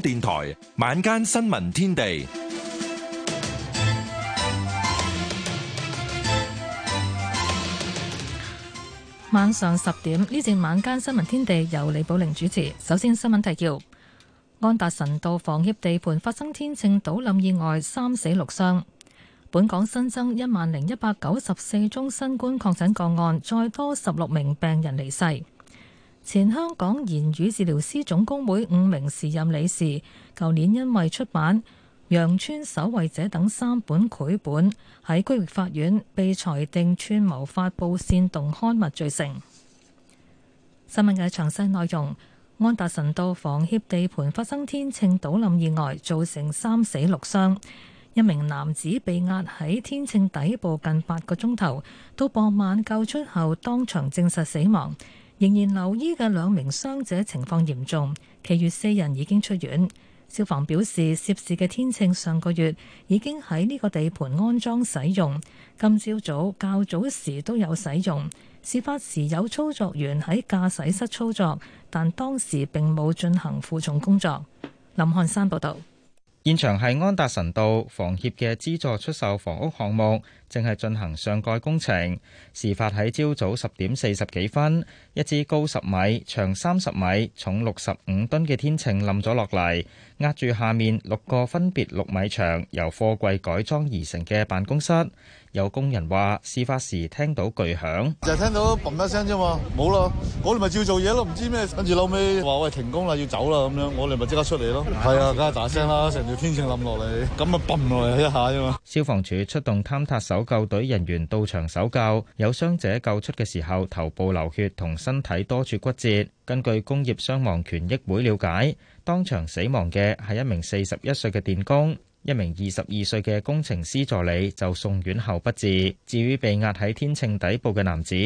電台晚間新聞天地，晚上十點呢節晚間新聞天地由李寶玲主持。首先新聞提要：安達臣道房協地盤發生天秤倒冧意外，三死六傷。本港新增一萬零一百九十四宗新冠確診個案，再多十六名病人離世。前香港言語治療師總工會五名時任理事，舊年因為出版《羊村守衛者》等三本繪本，喺區域法院被裁定串謀發布煽動刊物罪成。新聞嘅詳細內容：安達臣道房協地盤發生天秤倒冧意外，造成三死六傷。一名男子被壓喺天秤底部近八個鐘頭，到傍晚救出後當場證實死亡。仍然留醫嘅兩名傷者情況嚴重，其餘四人已經出院。消防表示，涉事嘅天秤上個月已經喺呢個地盤安裝使用，今朝早較早時都有使用。事發時有操作員喺駕駛室操作，但當時並冇進行負重工作。林漢山報導。現場係安達臣道房協嘅資助出售房屋項目，正係進行上蓋工程。事發喺朝早十點四十幾分，一支高十米、長三十米、重六十五噸嘅天秤冧咗落嚟，壓住下面六個分別六米長、由貨櫃改裝而成嘅辦公室。有工人話：事發時聽到巨響，就聽到嘣一聲啫嘛，冇啦。我哋咪照做嘢咯，唔知咩趁住撈尾話，喂，停工啦，要走啦咁樣，我哋咪即刻出嚟咯。係啊，梗係大聲啦，成條天秤冧落嚟，咁咪嘣落嚟一下啫嘛。消防處出動坍塌搜救隊人員到場搜救，有傷者救出嘅時候頭部流血同身體多處骨折。根據工業傷亡權益會瞭解，當場死亡嘅係一名四十一歲嘅電工。一名二十二歲嘅工程師助理就送院後不治。至於被壓喺天秤底部嘅男子，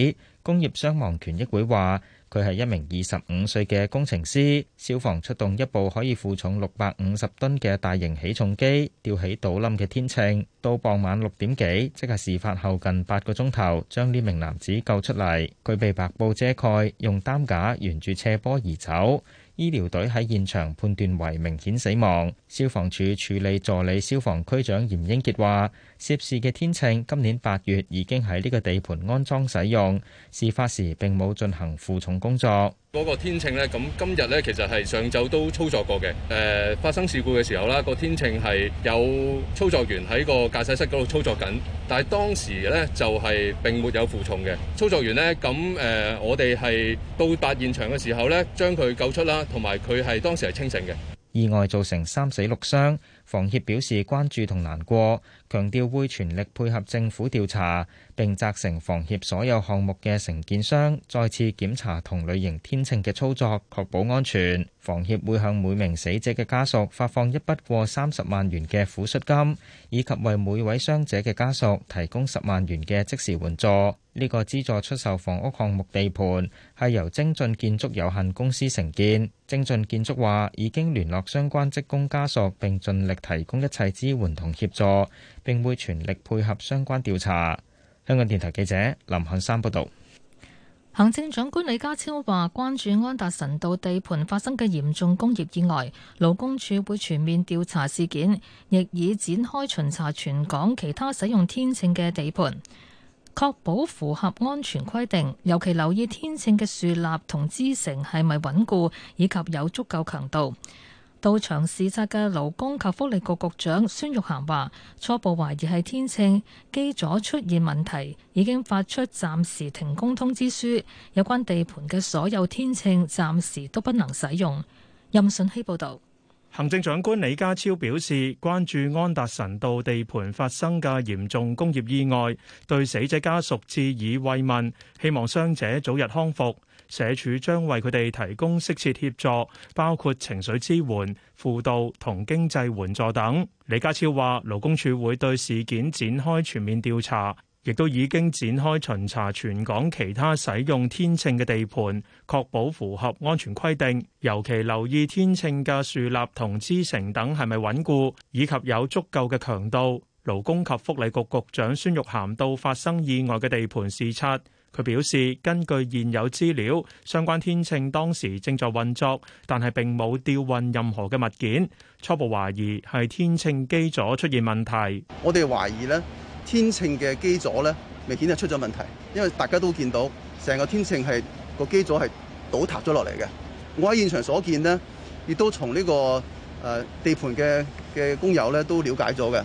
工業傷亡權益會話佢係一名二十五歲嘅工程師。消防出動一部可以負重六百五十噸嘅大型起重機，吊起倒冧嘅天秤。到傍晚六點幾，即係事發後近八個鐘頭，將呢名男子救出嚟。佢被白布遮蓋，用擔架沿住斜坡移走。醫療隊喺現場判斷為明顯死亡。消防處處理助理消防區長嚴英傑話。涉事嘅天秤今年八月已經喺呢個地盤安裝使用，事發時並冇進行負重工作。嗰個天秤呢，咁今日呢，其實係上晝都操作過嘅。誒、呃，發生事故嘅時候啦，個天秤係有操作員喺個駕駛室嗰度操作緊，但係當時呢就係、是、並沒有負重嘅操作員呢，咁、呃、誒，我哋係到達現場嘅時候呢，將佢救出啦，同埋佢係當時係清醒嘅。意外造成三死六傷，房協表示關注同難過。強調會全力配合政府調查，並責成房協所有項目嘅承建商再次檢查同類型天秤嘅操作，確保安全。房協會向每名死者嘅家屬發放一筆過三十萬元嘅撫恤金，以及為每位傷者嘅家屬提供十萬元嘅即時援助。呢、這個資助出售房屋項目地盤係由精進建築有限公司承建。精進建築話已經聯絡相關職工家屬，並盡力提供一切支援同協助。定會全力配合相關調查。香港電台記者林杏山報道。行政長官李家超話，關注安達臣道地盤發生嘅嚴重工業意外，勞工處會全面調查事件，亦已展開巡查全港其他使用天秤嘅地盤，確保符合安全規定，尤其留意天秤嘅樹立同支承係咪穩固，以及有足夠強度。到場視察嘅勞工及福利局局長孫玉菡話，初步懷疑係天秤機組出現問題，已經發出暫時停工通知書，有關地盤嘅所有天秤暫時都不能使用。任信希報道。行政長官李家超表示，關注安達臣道地盤發生嘅嚴重工業意外，對死者家屬致以慰問，希望傷者早日康復。社署將為佢哋提供適切協助，包括情緒支援、輔導同經濟援助等。李家超話：勞工處會對事件展開全面調查，亦都已經展開巡查全港其他使用天秤嘅地盤，確保符合安全規定，尤其留意天秤嘅樹立同支承等係咪穩固，以及有足夠嘅強度。勞工及福利局局長孫玉菡到發生意外嘅地盤視察。佢表示，根據現有資料，相關天秤當時正在運作，但係並冇吊運任何嘅物件。初步懷疑係天秤基座出現問題。我哋懷疑咧，天秤嘅基座咧，明顯係出咗問題，因為大家都見到成個天秤係個基座係倒塌咗落嚟嘅。我喺現場所見呢，亦都從呢個誒地盤嘅嘅工友咧都了解咗嘅，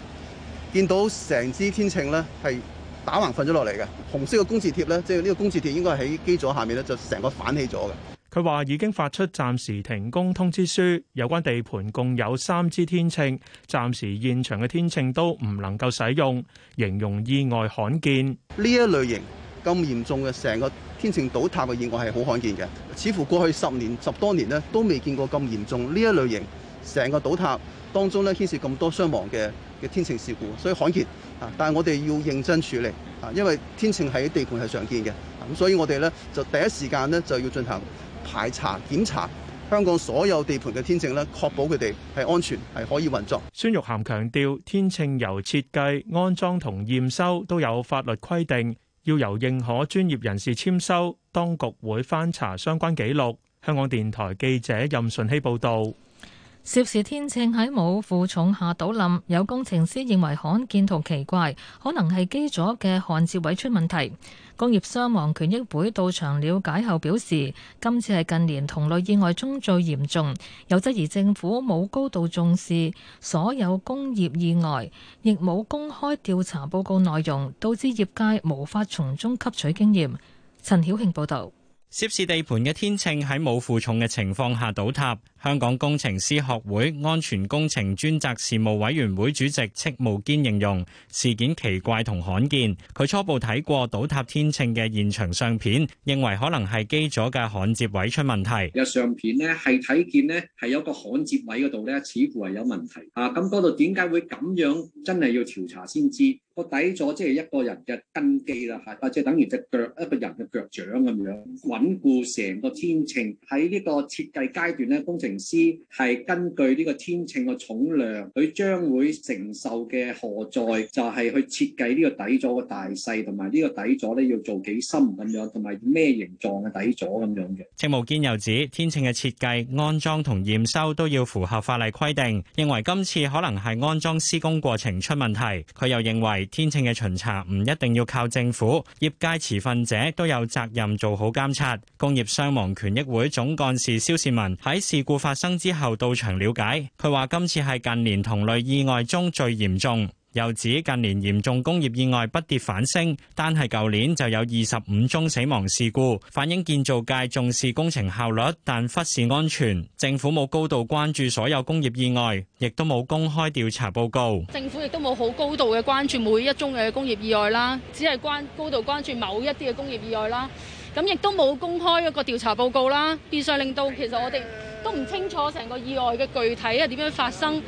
見到成支天秤呢係，打橫瞓咗落嚟嘅，紅色嘅工字鐵呢，即係呢個工字鐵應該喺基座下面呢，就成個反起咗嘅。佢話已經發出暫時停工通知書，有關地盤共有三支天秤，暫時現場嘅天秤都唔能夠使用，形容意外罕見。呢一類型咁嚴重嘅成個天秤倒塌嘅意外係好罕見嘅，似乎過去十年十多年呢，都未見過咁嚴重。呢一類型成個倒塌當中呢，牽涉咁多傷亡嘅嘅天秤事故，所以罕見。但係我哋要認真處理啊，因為天秤喺地盤係常見嘅，咁所以我哋咧就第一時間咧就要進行排查，檢查香港所有地盤嘅天秤呢，確保佢哋係安全，係可以運作。孫玉菡強調，天秤由設計、安裝同驗收都有法律規定，要由認可專業人士簽收，當局會翻查相關記錄。香港電台記者任順希報導。涉事天秤喺冇負重下倒冧，有工程師認為罕見同奇怪，可能係基座嘅焊接位出問題。工業傷亡權益會到場了解後表示，今次係近年同類意外中最嚴重，有質疑政府冇高度重視所有工業意外，亦冇公開調查報告內容，導致業界無法從中吸取經驗。陳曉慶報道，涉事地盤嘅天秤喺冇負重嘅情況下倒塌。香港工程師學會安全工程專責事務委員會主席戚慕堅形容事件奇怪同罕見，佢初步睇過倒塌天秤嘅現場相片，認為可能係基座嘅焊接位出問題。呢呢有相片咧係睇見咧係有個焊接位嗰度咧似乎係有問題啊！咁嗰度點解會咁樣？真係要調查先知個底座即係一個人嘅根基啦，吓，或者等於隻腳，一個人嘅腳掌咁樣穩固成個天秤喺呢個設計階段咧，工程。師係根據呢個天秤嘅重量，佢將會承受嘅荷載，就係去設計呢個底座嘅大細，同埋呢個底座咧要做幾深咁樣，同埋咩形狀嘅底座咁樣嘅。程慕堅又指，天秤嘅設計、安裝同驗收都要符合法例規定，認為今次可能係安裝施工過程出問題。佢又認為天秤嘅巡查唔一定要靠政府，業界持份者都有責任做好監察。工業傷亡權益會總幹事蕭倩文喺事故。發生之後到場了解，佢話今次係近年同類意外中最嚴重，又指近年嚴重工業意外不跌反升，單係舊年就有二十五宗死亡事故，反映建造界重視工程效率，但忽視安全。政府冇高度關注所有工業意外，亦都冇公開調查報告。政府亦都冇好高度嘅關注每一宗嘅工業意外啦，只係關高度關注某一啲嘅工業意外啦。咁亦都冇公開一個調查報告啦，變相令到其實我哋都唔清楚成個意外嘅具體係點樣發生。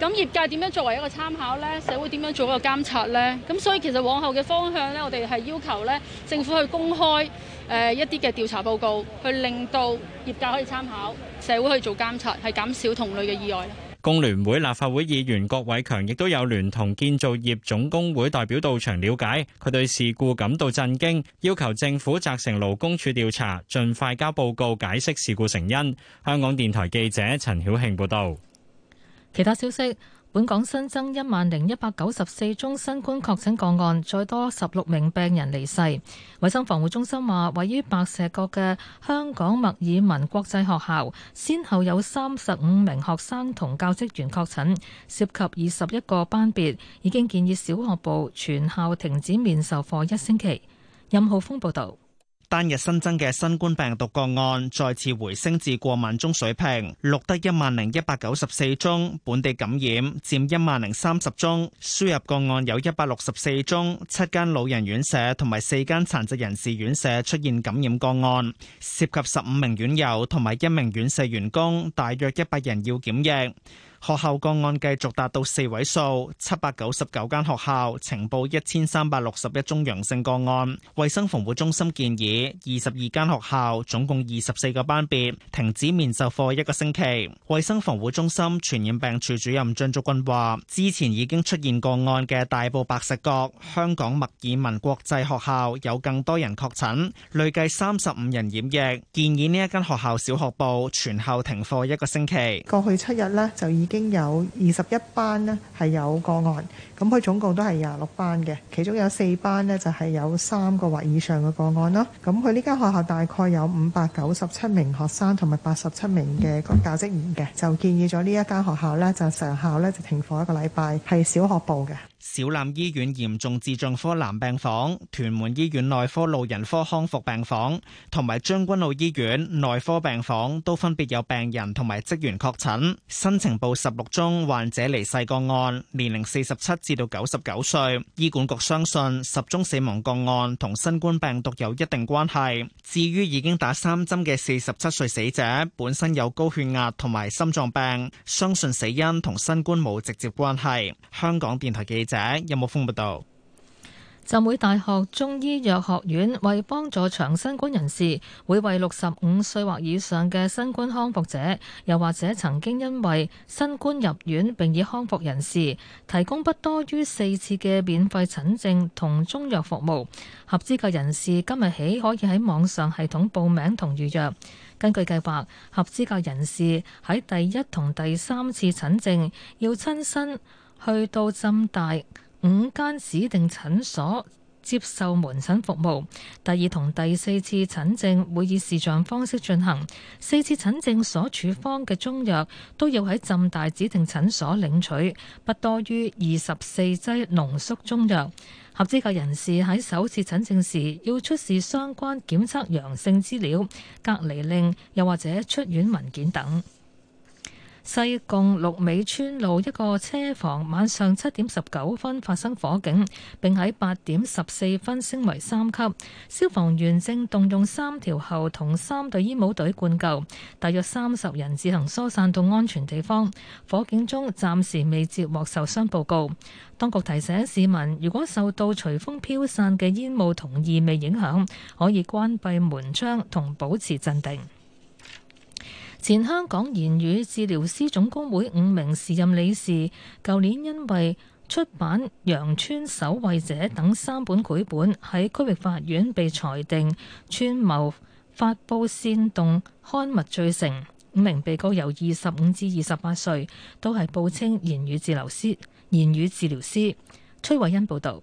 咁業界點樣作為一個參考呢？社會點樣做一個監察呢？咁所以其實往後嘅方向呢，我哋係要求呢政府去公開誒一啲嘅調查報告，去令到業界可以參考，社會去做監察，係減少同類嘅意外。工聯會立法會議員郭偉強亦都有聯同建造業總工會代表到場了解，佢對事故感到震驚，要求政府責成勞工處調查，盡快交報告解釋事故成因。香港電台記者陳曉慶報道。其他消息。本港新增一萬零一百九十四宗新冠確診個案，再多十六名病人離世。衛生防護中心話，位於白石角嘅香港墨爾文國際學校，先後有三十五名學生同教職員確診，涉及二十一個班別，已經建議小學部全校停止面授課一星期。任浩峰報道。單日新增嘅新冠病毒個案再次回升至過萬宗水平，錄得一萬零一百九十四宗本地感染，佔一萬零三十宗；輸入個案有一百六十四宗。七間老人院舍同埋四間殘疾人士院舍出現感染個案，涉及十五名院友同埋一名院舍員工，大約一百人要檢疫。學校個案繼續達到四位數，七百九十九間學校呈報一千三百六十一宗陽性個案。衛生防護中心建議，二十二間學校，總共二十四個班別，停止面授課一個星期。衛生防護中心傳染病處主任張竹君話：之前已經出現個案嘅大埔白石角香港墨爾文國際學校有更多人確診，累計三十五人染疫，建議呢一間學校小學部全校停課一個星期。過去七日呢，就已。已經有二十一班呢係有個案，咁佢總共都係廿六班嘅，其中有四班呢就係有三個或以上嘅個案咯。咁佢呢間學校大概有五百九十七名學生同埋八十七名嘅教職員嘅，就建議咗呢一間學校呢，就成校呢就停課一個禮拜，係小學部嘅。小欖醫院嚴重智障科男病房，屯門醫院內科老人科康復病房，同埋將軍澳醫院內科病房都分別有病人同埋職員確診，新呈報十六宗患者離世個案，年齡四十七至到九十九歲。醫管局相信十宗死亡個案同新冠病毒有一定關係。至於已經打三針嘅四十七歲死者，本身有高血壓同埋心臟病，相信死因同新冠冇直接關係。香港電台記者。任木峰報道。浸會大學中醫藥學院為幫助長新冠人士，會為六十五歲或以上嘅新冠康復者，又或者曾經因為新冠入院並已康復人士，提供不多於四次嘅免費診症同中藥服務。合資格人士今日起可以喺網上系統報名同預約。根據計劃，合資格人士喺第一同第三次診症要親身。去到浸大五間指定診所接受門診服務，第二同第四次診症會以視像方式進行。四次診症所處方嘅中藥都要喺浸大指定診所領取，不多於二十四劑濃縮中藥。合資格人士喺首次診症時要出示相關檢測陽性資料、隔離令，又或者出院文件等。西貢六尾村路一個車房晚上七點十九分發生火警，並喺八點十四分升為三級。消防員正動用三條喉同三隊煙霧隊灌救，大約三十人自行疏散到安全地方。火警中暫時未接獲受傷報告。當局提醒市民，如果受到隨風飄散嘅煙霧同異味影響，可以關閉門窗同保持鎮定。前香港言語治療師總工會五名時任理事，舊年因為出版《羊村守衛者》等三本繪本，喺區域法院被裁定串謀發布煽動刊物罪成。五名被告由二十五至二十八歲，都係報稱言語治療師。言語治療師崔偉恩報道。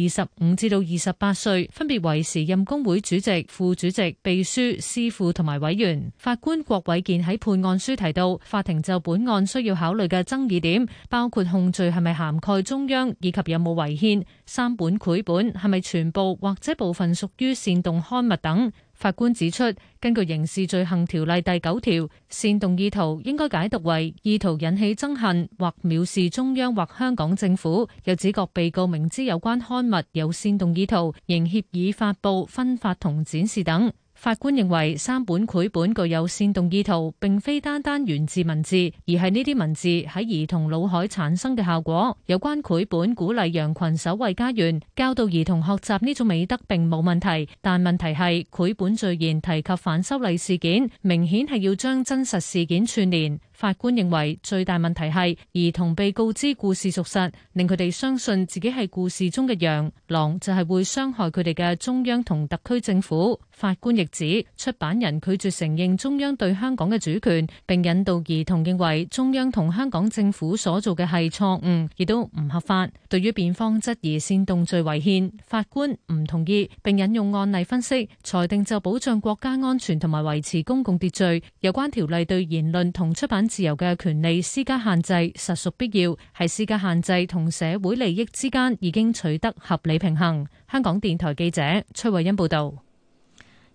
二十五至到二十八歲，分別為時任工會主席、副主席、秘書、司庫同埋委員。法官郭偉健喺判案書提到，法庭就本案需要考慮嘅爭議點，包括控罪係咪涵蓋中央，以及有冇違憲、三本繪本係咪全部或者部分屬於煽動刊物等。法官指出，根據刑事罪行條例第九條，煽動意圖應該解讀為意圖引起憎恨或藐視中央或香港政府。又指，各被告明知有關刊物有煽動意圖，仍協議發布、分發同展示等。法官認為三本繪本具有煽動意圖，並非單單源自文字，而係呢啲文字喺兒童腦海產生嘅效果。有關繪本鼓勵羊群守衞家園，教導兒童學習呢種美德並冇問題，但問題係繪本序言提及反修例事件，明顯係要將真實事件串聯。法官認為最大問題係兒童被告知故事屬實，令佢哋相信自己係故事中嘅羊，狼就係會傷害佢哋嘅中央同特區政府。法官亦指，出版人拒絕承認中央對香港嘅主權，並引導兒童認為中央同香港政府所做嘅係錯誤，亦都唔合法。對於辯方質疑煽動罪違憲，法官唔同意，並引用案例分析裁定就保障國家安全同埋維持公共秩序有關條例對言論同出版。自由嘅權利私家限制實屬必要，係私家限制同社會利益之間已經取得合理平衡。香港電台記者崔慧欣報道。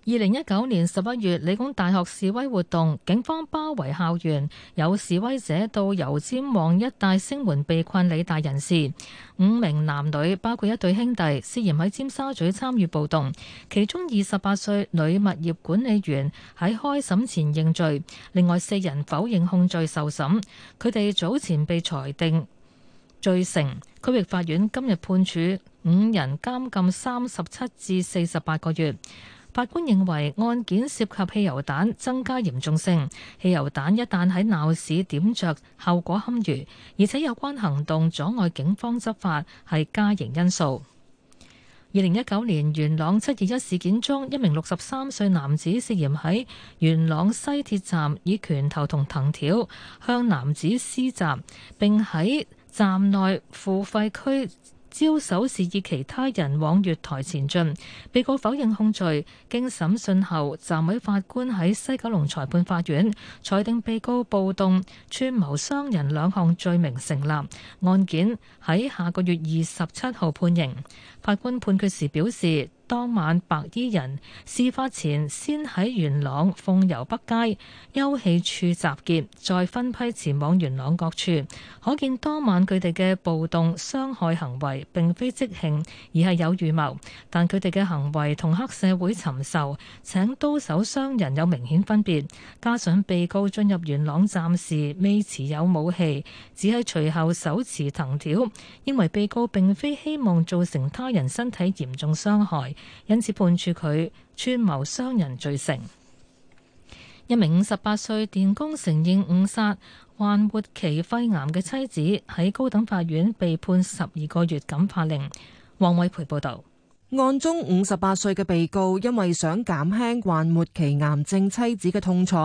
二零一九年十一月，理工大學示威活動，警方包圍校園，有示威者到油尖旺一帶聲援被困理大人士，五名男女，包括一對兄弟，涉嫌喺尖沙咀參與暴動，其中二十八歲女物業管理員喺開審前認罪，另外四人否認控罪受審，佢哋早前被裁定罪成，區域法院今日判處五人監禁三十七至四十八個月。法官認為案件涉及汽油彈，增加嚴重性。汽油彈一旦喺鬧市點着，後果堪虞，而且有關行動阻礙警方執法，係加刑因素。二零一九年元朗七二一事件中，一名六十三歲男子涉嫌喺元朗西鐵站以拳頭同藤條向男子施襲，並喺站內付費區。招手示意其他人往月台前進，被告否認控罪。經審訊後，暫委法官喺西九龍裁判法院裁定被告暴動、串謀傷人兩項罪名成立，案件喺下個月二十七號判刑。法官判決時表示。當晚白衣人事發前先喺元朗鳳攸北街休憩處集結，再分批前往元朗各處。可見當晚佢哋嘅暴動傷害行為並非即興，而係有預謀。但佢哋嘅行為同黑社會尋仇請刀手傷人有明顯分別。加上被告進入元朗站時未持有武器，只係隨後手持藤條，認為被告並非希望造成他人身體嚴重傷害。因此判處佢串謀傷人罪成。一名五十八歲電工承認誤殺患末期肺癌嘅妻子，喺高等法院被判十二個月感化令。王偉培報道，案中五十八歲嘅被告因為想減輕患末期癌症妻子嘅痛楚，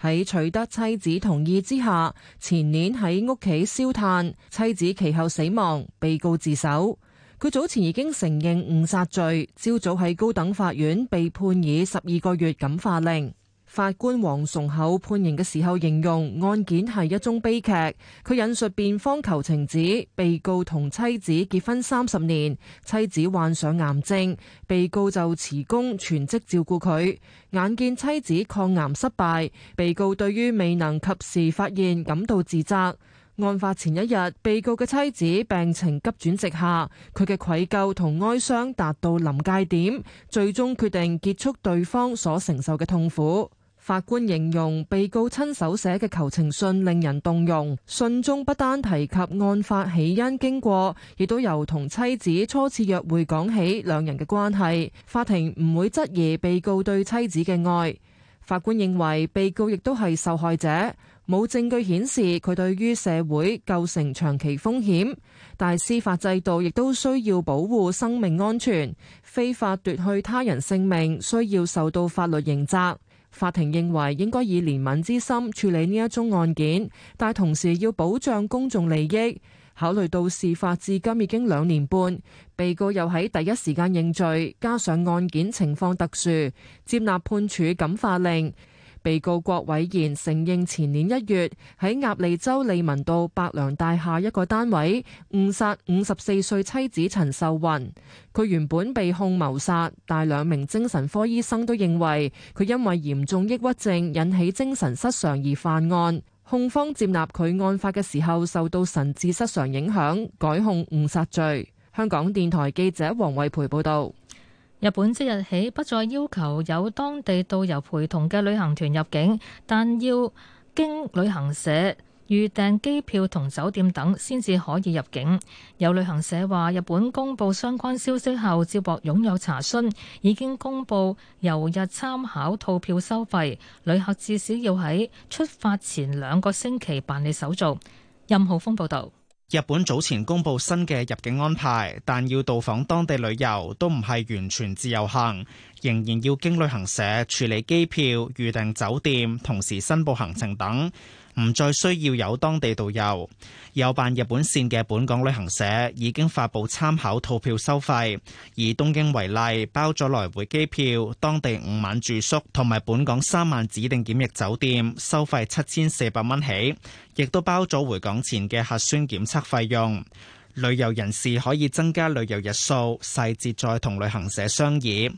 喺取得妻子同意之下，前年喺屋企燒炭，妻子其後死亡，被告自首。佢早前已經承認誤殺罪，朝早喺高等法院被判以十二個月感化令。法官黃崇厚判刑嘅時候形容案件係一宗悲劇。佢引述辯方求情指，被告同妻子結婚三十年，妻子患上癌症，被告就辭工全職照顧佢。眼見妻子抗癌失敗，被告對於未能及時發現感到自責。案發前一日，被告嘅妻子病情急轉直下，佢嘅愧疚同哀傷達到臨界點，最終決定結束對方所承受嘅痛苦。法官形容被告親手寫嘅求情信令人動容，信中不單提及案發起因經過，亦都由同妻子初次約會講起兩人嘅關係。法庭唔會質疑被告對妻子嘅愛，法官認為被告亦都係受害者。冇證據顯示佢對於社會構成長期風險，但司法制度亦都需要保護生命安全。非法奪去他人性命需要受到法律刑責。法庭認為應該以憐憫之心處理呢一宗案件，但同時要保障公眾利益。考慮到事發至今已經兩年半，被告又喺第一時間認罪，加上案件情況特殊，接納判處感化令。被告郭偉賢承認前年一月喺鴨脷洲利文道百良大廈一個單位誤殺五十四歲妻子陳秀雲。佢原本被控謀殺，但兩名精神科醫生都認為佢因為嚴重抑鬱症引起精神失常而犯案。控方接納佢案發嘅時候受到神志失常影響，改控誤殺罪。香港電台記者黃慧培報道。日本即日起不再要求有當地導遊陪同嘅旅行團入境，但要經旅行社預訂機票同酒店等先至可以入境。有旅行社話，日本公布相關消息後，接獲擁有查詢，已經公布遊日參考套票收費，旅客至少要喺出發前兩個星期辦理手續。任浩峰報導。日本早前公布新嘅入境安排，但要到訪當地旅遊都唔係完全自由行，仍然要經旅行社處理機票、預訂酒店，同時申報行程等。唔再需要有當地導遊，有辦日本線嘅本港旅行社已經發布參考套票收費，以東京為例，包咗來回機票、當地五晚住宿同埋本港三晚指定檢疫酒店，收費七千四百蚊起，亦都包咗回港前嘅核酸檢測費用。旅遊人士可以增加旅遊日數，細節再同旅行社商議。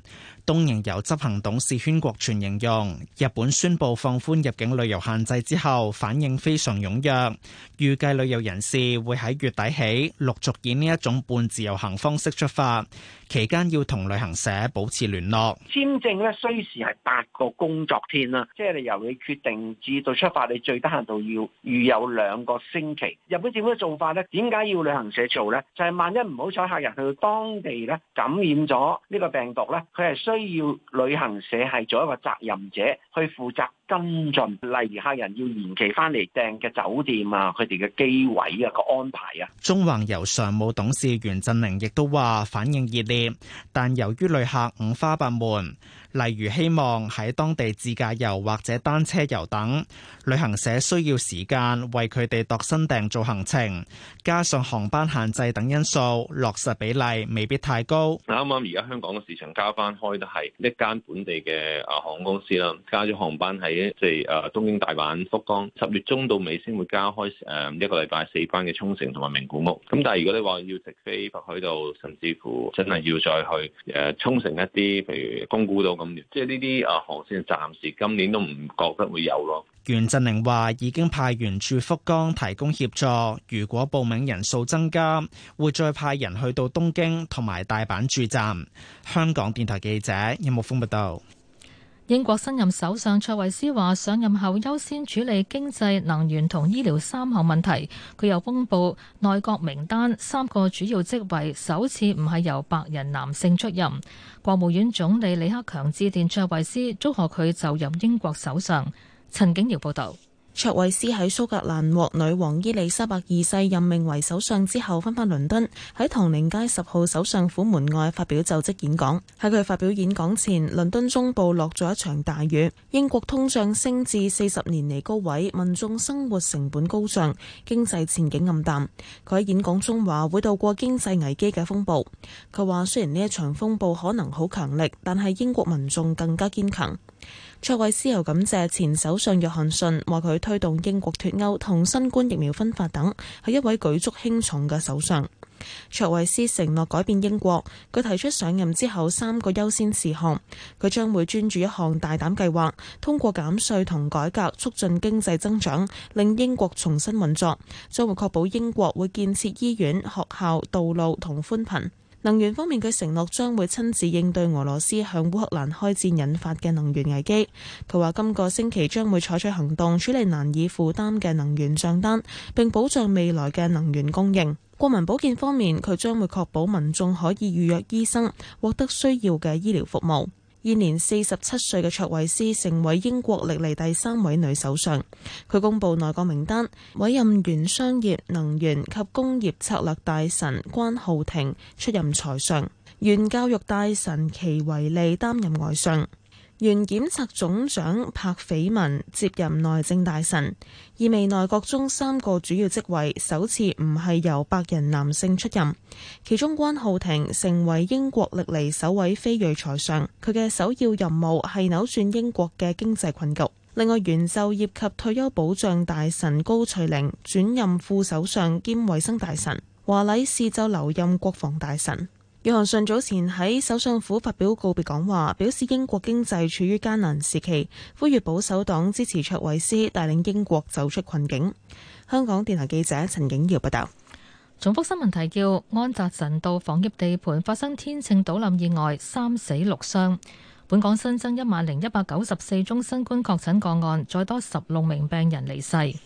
東瀛遊執行董事禤國全形容，日本宣布放寬入境旅遊限制之後，反應非常踴躍。預計旅遊人士會喺月底起陸續以呢一種半自由行方式出發，期間要同旅行社保持聯絡。簽證呢，需時係八個工作天啦，即係你由你決定至到出發，你最低限度要預有兩個星期。日本政府嘅做法呢，點解要旅行社做呢？就係、是、萬一唔好彩客人去到當地呢，感染咗呢個病毒呢，佢係相。需要旅行社係做一個責任者去負責。跟進，例如客人要延期翻嚟訂嘅酒店啊，佢哋嘅機位啊個安排啊。中環遊常務董事袁振寧亦都話反應熱烈，但由於旅客五花八門，例如希望喺當地自駕遊或者單車遊等，旅行社需要時間為佢哋度身訂做行程，加上航班限制等因素，落實比例未必太高。啱啱而家香港嘅市場加班開得，係一間本地嘅啊航空公司啦，加咗航班喺。即係誒，東京、大阪、福岡十月中到尾先會加開誒、呃、一個禮拜四班嘅沖繩同埋名古屋。咁但係如果你話要直飛北海道，甚至乎真係要再去誒、呃、沖繩一啲，譬如宮古島咁，即係呢啲啊航綫暫時今年都唔覺得會有咯。袁振寧話已經派員駐福岡提供協助，如果報名人數增加，會再派人去到東京同埋大阪駐站。香港電台記者任木豐報道。有英國新任首相卓慧思話：上任後優先處理經濟、能源同醫療三項問題。佢又公布內閣名單，三個主要職位首次唔係由白人男性出任。國務院總理李克強致電卓慧思，祝賀佢就任英國首相。陳景堯報道。卓惠斯喺蘇格蘭獲女王伊麗莎白二世任命為首相之後分倫，翻返倫敦喺唐寧街十號首相府門外發表就職演講。喺佢發表演講前，倫敦中部落咗一場大雨。英國通脹升至四十年嚟高位，民眾生活成本高漲，經濟前景暗淡。佢喺演講中話會度過經濟危機嘅風暴。佢話雖然呢一場風暴可能好強力，但係英國民眾更加堅強。卓慧斯又感謝前首相約翰遜，話佢推動英國脱歐同新冠疫苗分發等，係一位舉足輕重嘅首相。卓慧斯承諾改變英國，佢提出上任之後三個優先事項，佢將會專注一項大膽計劃，通過減稅同改革促進經濟增長，令英國重新運作，將會確保英國會建設醫院、學校、道路同寬頻。能源方面，佢承諾將會親自應對俄羅斯向烏克蘭開戰引發嘅能源危機。佢話今個星期將會採取行動處理難以負擔嘅能源賬單，並保障未來嘅能源供應。國民保健方面，佢將會確保民眾可以預約醫生，獲得需要嘅醫療服務。現年四十七歲嘅卓慧思成為英國歷嚟第三位女首相。佢公布內閣名單，委任原商業能源及工業策略大臣關浩庭出任財相，原教育大臣祁維利擔任外相。原檢察總長柏斐文接任內政大臣，意味內閣中三個主要職位首次唔係由白人男性出任。其中關浩庭成為英國歷嚟首位非裔財相，佢嘅首要任務係扭轉英國嘅經濟困局。另外，原就業及退休保障大臣高翠玲轉任副首相兼衛生大臣，華禮士就留任國防大臣。約翰遜早前喺首相府發表告別講話，表示英國經濟處於艱難時期，呼籲保守黨支持卓慧思帶領英國走出困境。香港電台記者陳景耀報道。重複新聞提要，安達臣道房協地盤發生天秤倒冧意外，三死六傷。本港新增一萬零一百九十四宗新冠確診個案，再多十六名病人離世。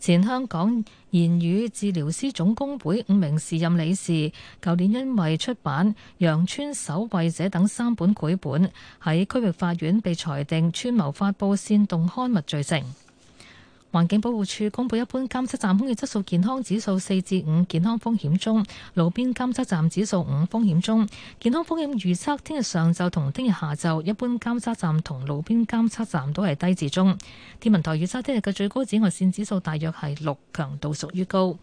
前香港言語治療師總工會五名時任理事，舊年因為出版《羊村守衛者》等三本繪本，喺區域法院被裁定串謀發佈煽動刊物罪成。環境保護署公布一般監測站空氣質素健康指數四至五，健康風險中；路邊監測站指數五，風險中。健康風險預測：聽日上晝同聽日下晝，一般監測站同路邊監測站都係低至中。天文台預測聽日嘅最高紫外線指數大約係六，強度屬於高。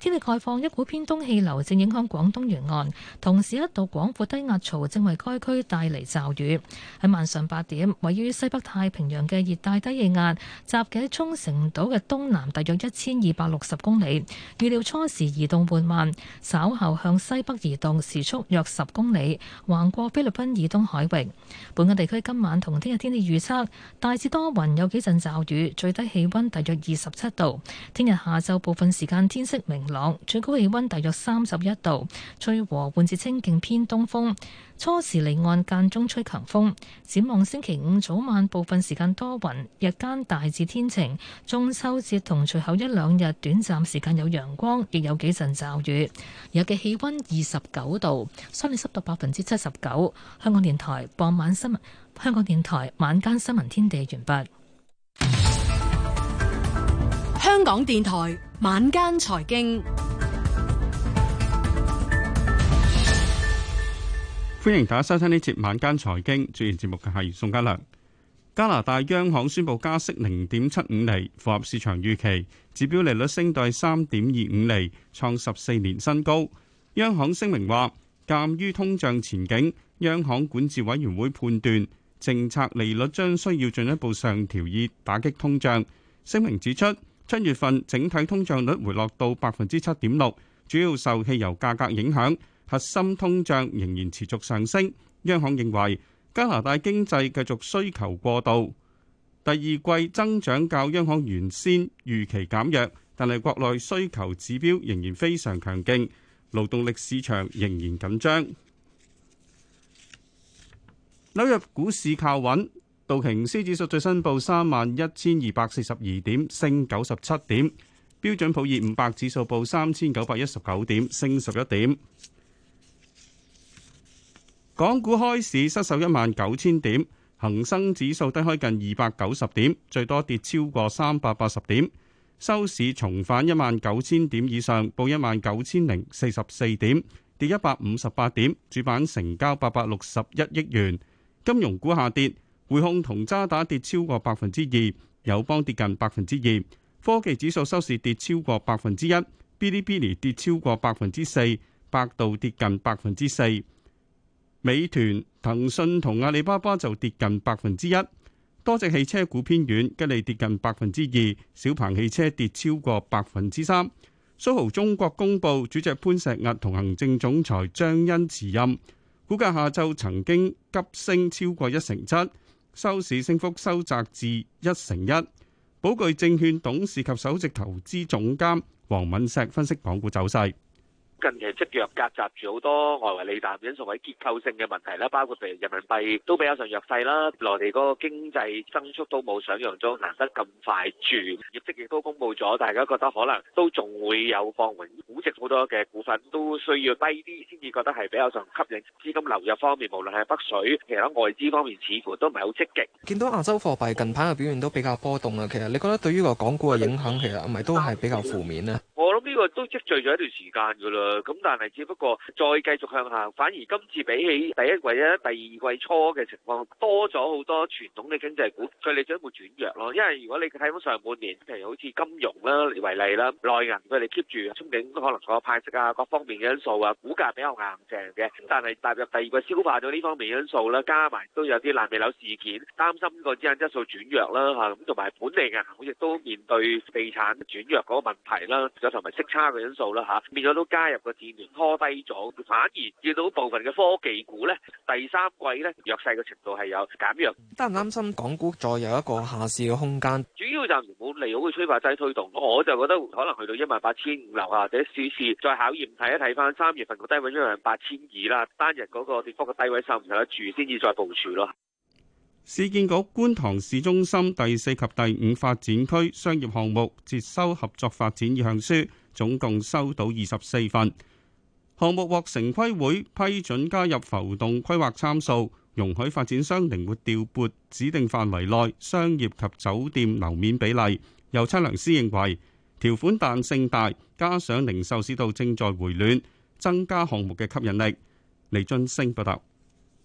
天氣概況，一股偏東氣流正影響廣東沿岸，同時一道廣闊低壓槽正為該區帶嚟驟雨。喺晚上八點，位於西北太平洋嘅熱帶低氣壓，集結沖繩島嘅東南，大約一千二百六十公里。預料初時移動緩慢，稍後向西北移動，時速約十公里，橫過菲律賓以東海域。本港地區今晚同聽日天氣預測，大致多雲，有幾陣驟雨，最低氣温大約二十七度。聽日下晝部分時間天色明朗。朗最高氣溫大約三十一度，吹和緩至清勁偏東風，初時離岸間中吹強風。展望星期五早晚部分時間多雲，日間大致天晴。中秋節同隨後一兩日短暫時間有陽光，亦有幾陣驟雨。日嘅氣溫二十九度，相對濕度百分之七十九。香港電台傍晚新聞，香港電台晚間新聞天地完畢。香港電台晚間財經，歡迎大家收聽呢節晚間財經。主持節目嘅係宋家良。加拿大央行宣佈加息零點七五厘，符合市場預期，指標利率升到係三點二五厘，創十四年新高。央行聲明話，鑑於通脹前景，央行管治委員會判斷政策利率將需要進一步上調，以打擊通脹。聲明指出。七月份整體通脹率回落到百分之七點六，主要受汽油價格影響。核心通脹仍然持續上升。央行認為加拿大經濟繼續需求過度。第二季增長較央行原先預期減弱，但係國內需求指標仍然非常強勁，勞動力市場仍然緊張。流入股市靠穩。道瓊斯指數最新報三萬一千二百四十二點，升九十七點。標準普爾五百指數報三千九百一十九點，升十一點。港股開市失守一萬九千點，恒生指數低開近二百九十點，最多跌超過三百八十點，收市重返一萬九千點以上，報一萬九千零四十四點，跌一百五十八點。主板成交八百六十一億元，金融股下跌。匯控同渣打跌超過百分之二，友邦跌近百分之二，科技指數收市跌超過百分之一，嗶哩嗶哩跌超過百分之四，百度跌近百分之四，美團、騰訊同阿里巴巴就跌近百分之一。多隻汽車股偏軟，吉利跌近百分之二，小鵬汽車跌超過百分之三。蘇豪中國公布主席潘石屹同行政總裁張欣辭任，股價下晝曾經急升超過一成七。收市升幅收窄至一成一。寶具證券董事及首席投資總監黃敏石分析港股走勢。近期積弱夾雜住好多外圍利淡因素，喺結構性嘅問題啦，包括譬如人民幣都比較上弱勢啦，內地嗰個經濟增速都冇想象中難得咁快住。業績亦都公布咗，大家覺得可能都仲會有放緩，估值好多嘅股份都需要低啲先至覺得係比較上吸引。資金流入方面，無論係北水其實喺外資方面似乎都唔係好積極。見到亞洲貨幣近排嘅表現都比較波動啊，其實你覺得對於個港股嘅影響其實係咪都係比較負面咧？我諗呢個都積聚咗一段時間㗎啦。咁、嗯，但係只不過再繼續向下，反而今次比起第一季咧、第二季初嘅情況多咗好多傳統嘅經濟股，佢哋將會轉弱咯。因為如果你睇到上半年，譬如好似金融啦為例啦，內銀佢哋 keep 住憧憬可能個派息啊各方面嘅因素啊，股價比較硬淨嘅。咁但係踏入第二季消化咗呢方面因素啦，加埋都有啲爛尾樓事件，擔心個資產質素轉弱啦嚇。咁同埋本地銀行亦都面對地產轉弱嗰個問題啦，啊、有同埋息差嘅因素啦吓、啊、變咗都加入。個市面拖低咗，反而見到部分嘅科技股咧，第三季咧弱勢嘅程度係有減弱。擔唔擔心港股再有一個下市嘅空間？主要就唔好利好嘅催化劑推動，我就覺得可能去到一萬八千五樓下，或者試試再考驗睇一睇返三月份個低位，一萬八千二啦，單日嗰個跌幅嘅低位受唔受得住，先至再部署咯。市建局觀塘市中心第四及第五發展區商業項目接收合作發展意向書。總共收到二十四份項目獲城規會批准加入浮動規劃參數，容許發展商靈活調撥指定範圍內商業及酒店樓面比例。有測量師認為條款彈性大，加上零售市道正在回暖，增加項目嘅吸引力。李俊升報道。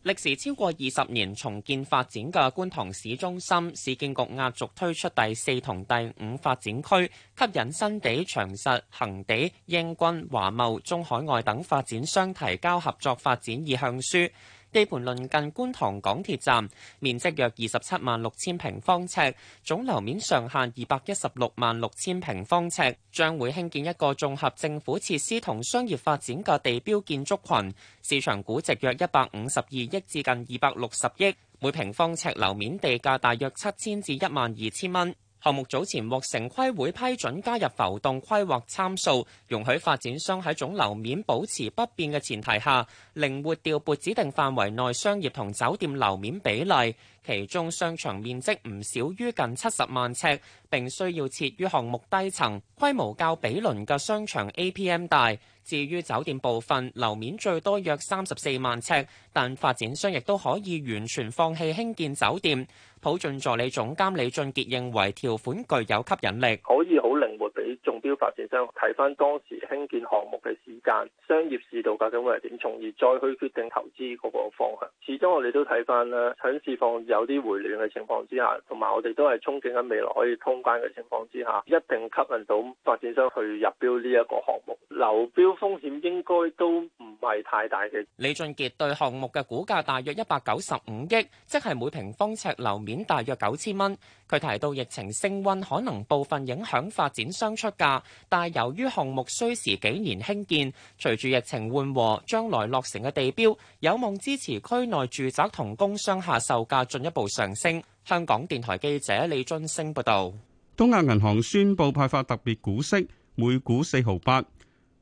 歷時超過二十年重建發展嘅觀塘市中心，市建局壓軸推出第四同第五發展區，吸引新地、長實、恒地、英軍、華茂、中海外等發展商提交合作發展意向書。地盤鄰近觀塘港鐵站，面積約二十七萬六千平方尺，總樓面上限二百一十六萬六千平方尺，將會興建一個綜合政府設施同商業發展嘅地標建築群。市場估值約一百五十二億至近二百六十億，每平方尺樓面地價大約七千至一萬二千蚊。項目早前獲城規會批准加入浮動規劃參數，容許發展商喺總樓面保持不變嘅前提下，靈活調撥指定範圍內商業同酒店樓面比例，其中商場面積唔少於近七十萬尺，並需要設於項目低層，規模較比鄰嘅商場 APM 大。至於酒店部分樓面最多約三十四萬尺，但發展商亦都可以完全放棄興建酒店。普進助理總監李俊傑認為條款具有吸引力，可以好靈活俾中標發展商睇翻當時興建項目嘅時間、商業市道究竟會係點，從而再去決定投資嗰個方向。始終我哋都睇翻啦，響市況有啲回暖嘅情況之下，同埋我哋都係憧憬緊未來可以通關嘅情況之下，一定吸引到發展商去入標呢一個項目流標。風險應該都唔係太大嘅。李俊杰對項目嘅估價大約一百九十五億，即係每平方尺樓面大約九千蚊。佢提到疫情升溫可能部分影響發展商出價，但係由於項目需時幾年興建，隨住疫情緩和，將來落成嘅地標有望支持區內住宅同工商下售價進一步上升。香港電台記者李俊升報導。東亞銀行宣布派發特別股息，每股四毫八。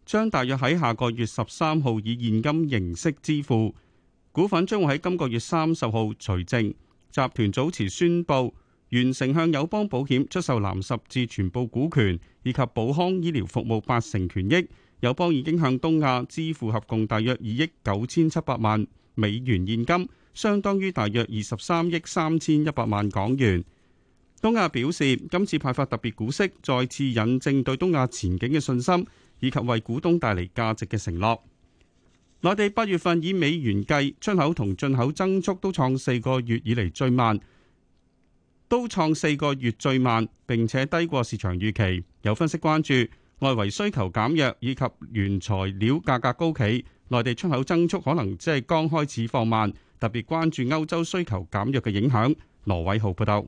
將大約喺下個月十三號以現金形式支付。股份將會喺今個月三十號除淨。集團早前宣布完成向友邦保險出售藍十字全部股權以及保康醫療服務八成權益。友邦已經向東亞支付合共大約二億九千七百萬美元現金，相當於大約二十三億三千一百萬港元。東亞表示，今次派發特別股息，再次引證對東亞前景嘅信心。以及為股東帶嚟價值嘅承諾。內地八月份以美元計出口同進口增速都創四個月以嚟最慢，都創四個月最慢，並且低過市場預期。有分析關注外圍需求減弱以及原材料價格高企，內地出口增速可能即係剛開始放慢，特別關注歐洲需求減弱嘅影響。羅偉豪報道。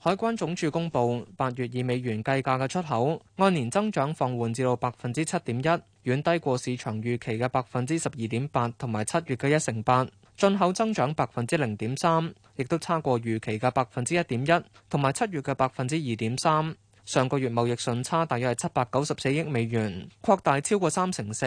海關總署公布八月以美元計價嘅出口按年增長放緩，至到百分之七點一，遠低過市場預期嘅百分之十二點八，同埋七月嘅一成八。進口增長百分之零點三，亦都差過預期嘅百分之一點一，同埋七月嘅百分之二點三。上個月貿易順差大約係七百九十四億美元，擴大超過三成四，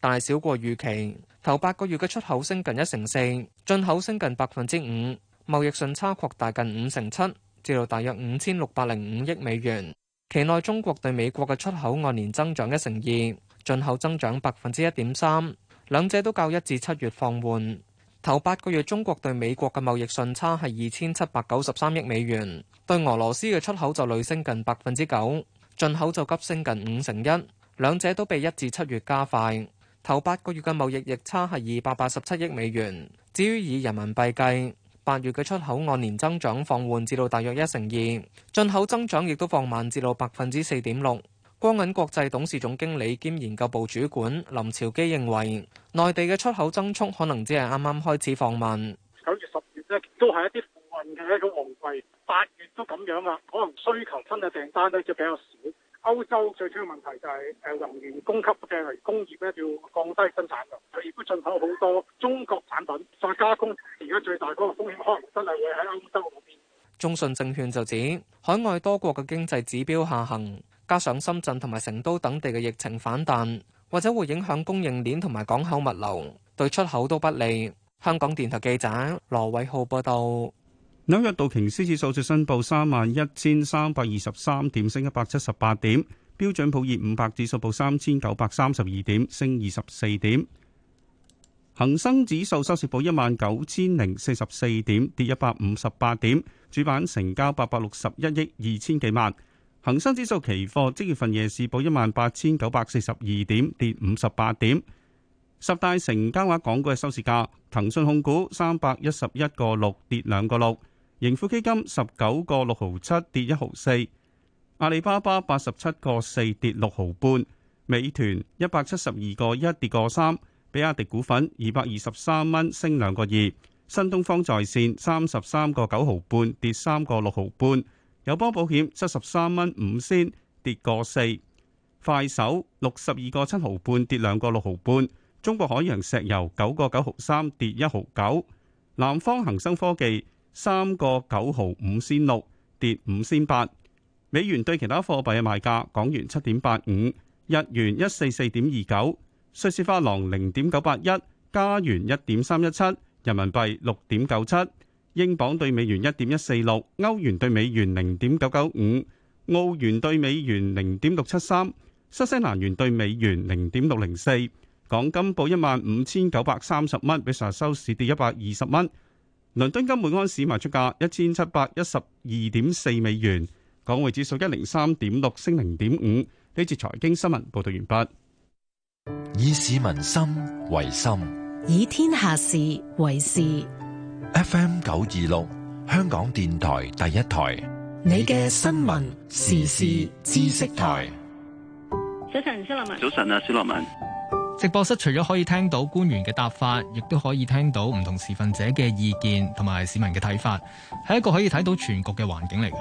但係少過預期。頭八個月嘅出口升近一成四，進口升近百分之五，貿易順差擴大近五成七，至到大約五千六百零五億美元。期內中國對美國嘅出口按年增長一成二，進口增長百分之一點三，兩者都較一至七月放緩。頭八個月中國對美國嘅貿易順差係二千七百九十三億美元，對俄羅斯嘅出口就累升近百分之九，進口就急升近五成一，兩者都被一至七月加快。頭八個月嘅貿易逆差係二百八十七億美元。至於以人民幣計。八月嘅出口按年增長放緩，至到大約一成二，進口增長亦都放慢至到百分之四點六。光銀國際董事總經理兼研究部主管林朝基認為，內地嘅出口增速可能只係啱啱開始放慢。九月、十月都係一啲貨運嘅一個旺季，八月都咁樣啊，可能需求分嘅訂單都就比較少。歐洲最出嘅問題就係誒，能源供給嘅工業咧，要降低生產力，佢亦都進口好多中國產品再加工，而家最大嗰個風險可能真係會喺歐洲嗰邊。中信證券就指海外多國嘅經濟指標下行，加上深圳同埋成都等地嘅疫情反彈，或者會影響供應鏈同埋港口物流，對出口都不利。香港電台記者羅偉浩報道。紐約道瓊斯指數最新報三萬一千三百二十三點，升一百七十八點；標準普爾五百指數報三千九百三十二點，升二十四點；恒生指數收市報一萬九千零四十四點，跌一百五十八點。主板成交八百六十一億二千幾萬。恒生指數期貨即月份夜市報一萬八千九百四十二點，跌五十八點。十大成交額港股嘅收市價：騰訊控股三百一十一個六，跌兩個六。盈富基金十九個六毫七，跌一毫四，阿里巴巴八十七個四，跌六毫半，美團一百七十二個一，跌個三，比亞迪股份二百二十三蚊，升兩個二，新東方在線三十三個九毫半，跌三個六毫半，友邦保險七十三蚊五仙，跌個四，快手六十二個七毫半，跌兩個六毫半，中國海洋石油九個九毫三，跌一毫九，南方恒生科技。三個九毫五仙六，跌五仙八。美元對其他貨幣嘅賣價：港元七點八五，日元一四四點二九，瑞士法郎零點九八一，加元一點三一七，人民幣六點九七，英鎊對美元一點一四六，歐元對美元零點九九五，澳元對美元零點六七三，新西蘭元對美元零點六零四。港金報一萬五千九百三十蚊，比成日收市跌一百二十蚊。倫敦金每安士賣出價一千七百一十二點四美元，港匯指數一零三點六升零點五。呢次財經新聞報道完畢。以市民心為心，以天下事為事。F M 九二六，香港電台第一台，你嘅新聞,新聞時事知識台。早晨，蘇立文。早晨啊，蘇立文。直播室除咗可以聽到官員嘅答法，亦都可以聽到唔同持份者嘅意見同埋市民嘅睇法，係一個可以睇到全局嘅環境嚟嘅。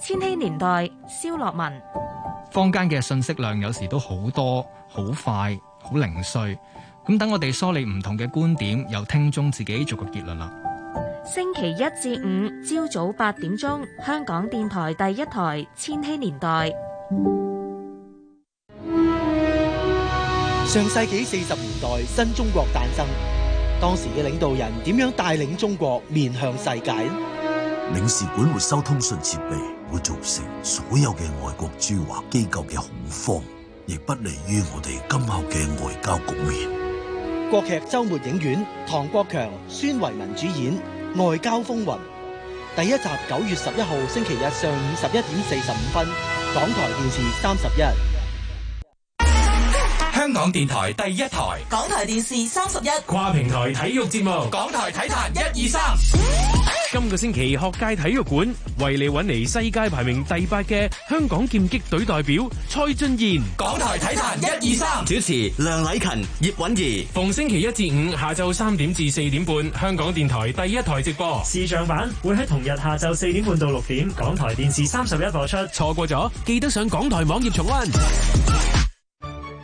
千禧年代，蕭樂文。坊間嘅信息量有時都好多、好快、好零碎，咁等我哋梳理唔同嘅觀點，由聽眾自己做個結論啦。星期一至五朝早八點鐘，香港電台第一台《千禧年代》。上世紀四十年代，新中國誕生，當時嘅領導人點樣帶領中國面向世界呢？領事館沒收通訊設備，會造成所有嘅外國駐華機構嘅恐慌，亦不利於我哋今後嘅外交局面。國劇周末影院，唐國強、孫維民主演《外交風雲》第一集，九月十一號星期日上午十一點四十五分，港台電視三十一。香港電台第一台，港台電視三十一，跨平台體育節目，港台體壇一二三。哎、呀今個星期學界體育館為你搵嚟，世界排名第八嘅香港劍擊隊代表蔡俊彥。港台體壇一二三。主持梁禮勤、葉韻儀，逢星期一至五下晝三點至四點半，香港電台第一台直播。視像版會喺同日下晝四點半到六點，港台電視三十一播出。錯過咗，記得上港台網頁重溫。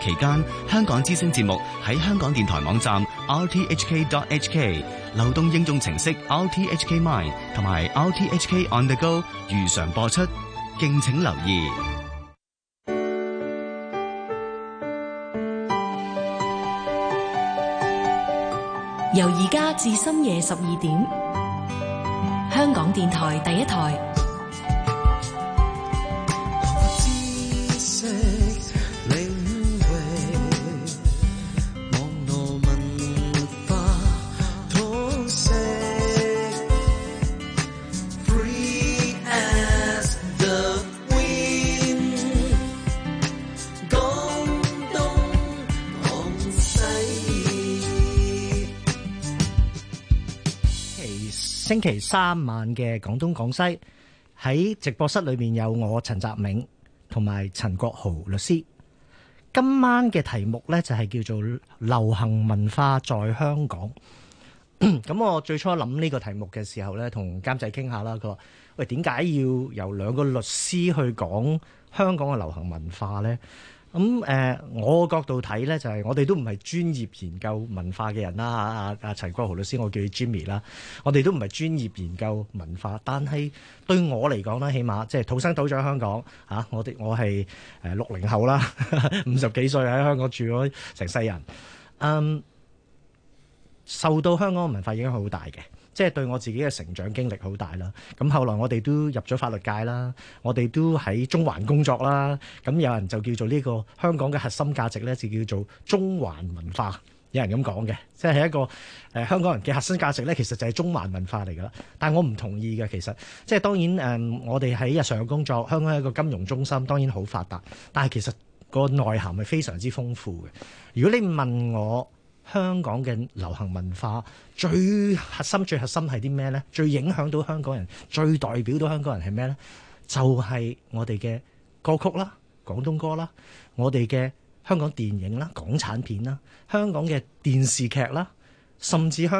期間，香港之聲節目喺香港電台網站 rthk.hk、流動應用程式 rthk mine 同埋 rthk on the go 如常播出，敬請留意。由而家至深夜十二點，香港電台第一台。星期三晚嘅廣東廣西，喺直播室裏面有我陳澤銘同埋陳國豪律師。今晚嘅題目呢，就係叫做「流行文化在香港」。咁 我最初諗呢個題目嘅時候呢，同監製傾下啦。佢話：「喂，點解要由兩個律師去講香港嘅流行文化呢？」咁誒、嗯呃，我角度睇咧，就係、是、我哋都唔係專業研究文化嘅人啦，嚇、啊，阿、啊、阿、啊、陳國豪律師，我叫 Jimmy 啦、啊，我哋都唔係專業研究文化。但係對我嚟講咧，起碼即係土生土長香港嚇、啊，我哋我係誒六零後啦，五十幾歲喺香港住咗成世人，嗯，受到香港文化影響好大嘅。即係對我自己嘅成長經歷好大啦。咁後來我哋都入咗法律界啦，我哋都喺中環工作啦。咁有人就叫做呢個香港嘅核心價值咧，就叫做中環文化。有人咁講嘅，即係一個誒香港人嘅核心價值咧，其實就係中環文化嚟噶啦。但係我唔同意嘅，其實即係當然誒，我哋喺日常嘅工作，香港係一個金融中心，當然好發達，但係其實個內涵係非常之豐富嘅。如果你問我，香港嘅流行文化最核心、最核心係啲咩咧？最影響到香港人、最代表到香港人係咩咧？就係、是、我哋嘅歌曲啦、廣東歌啦、我哋嘅香港電影啦、港產片啦、香港嘅電視劇啦，甚至香。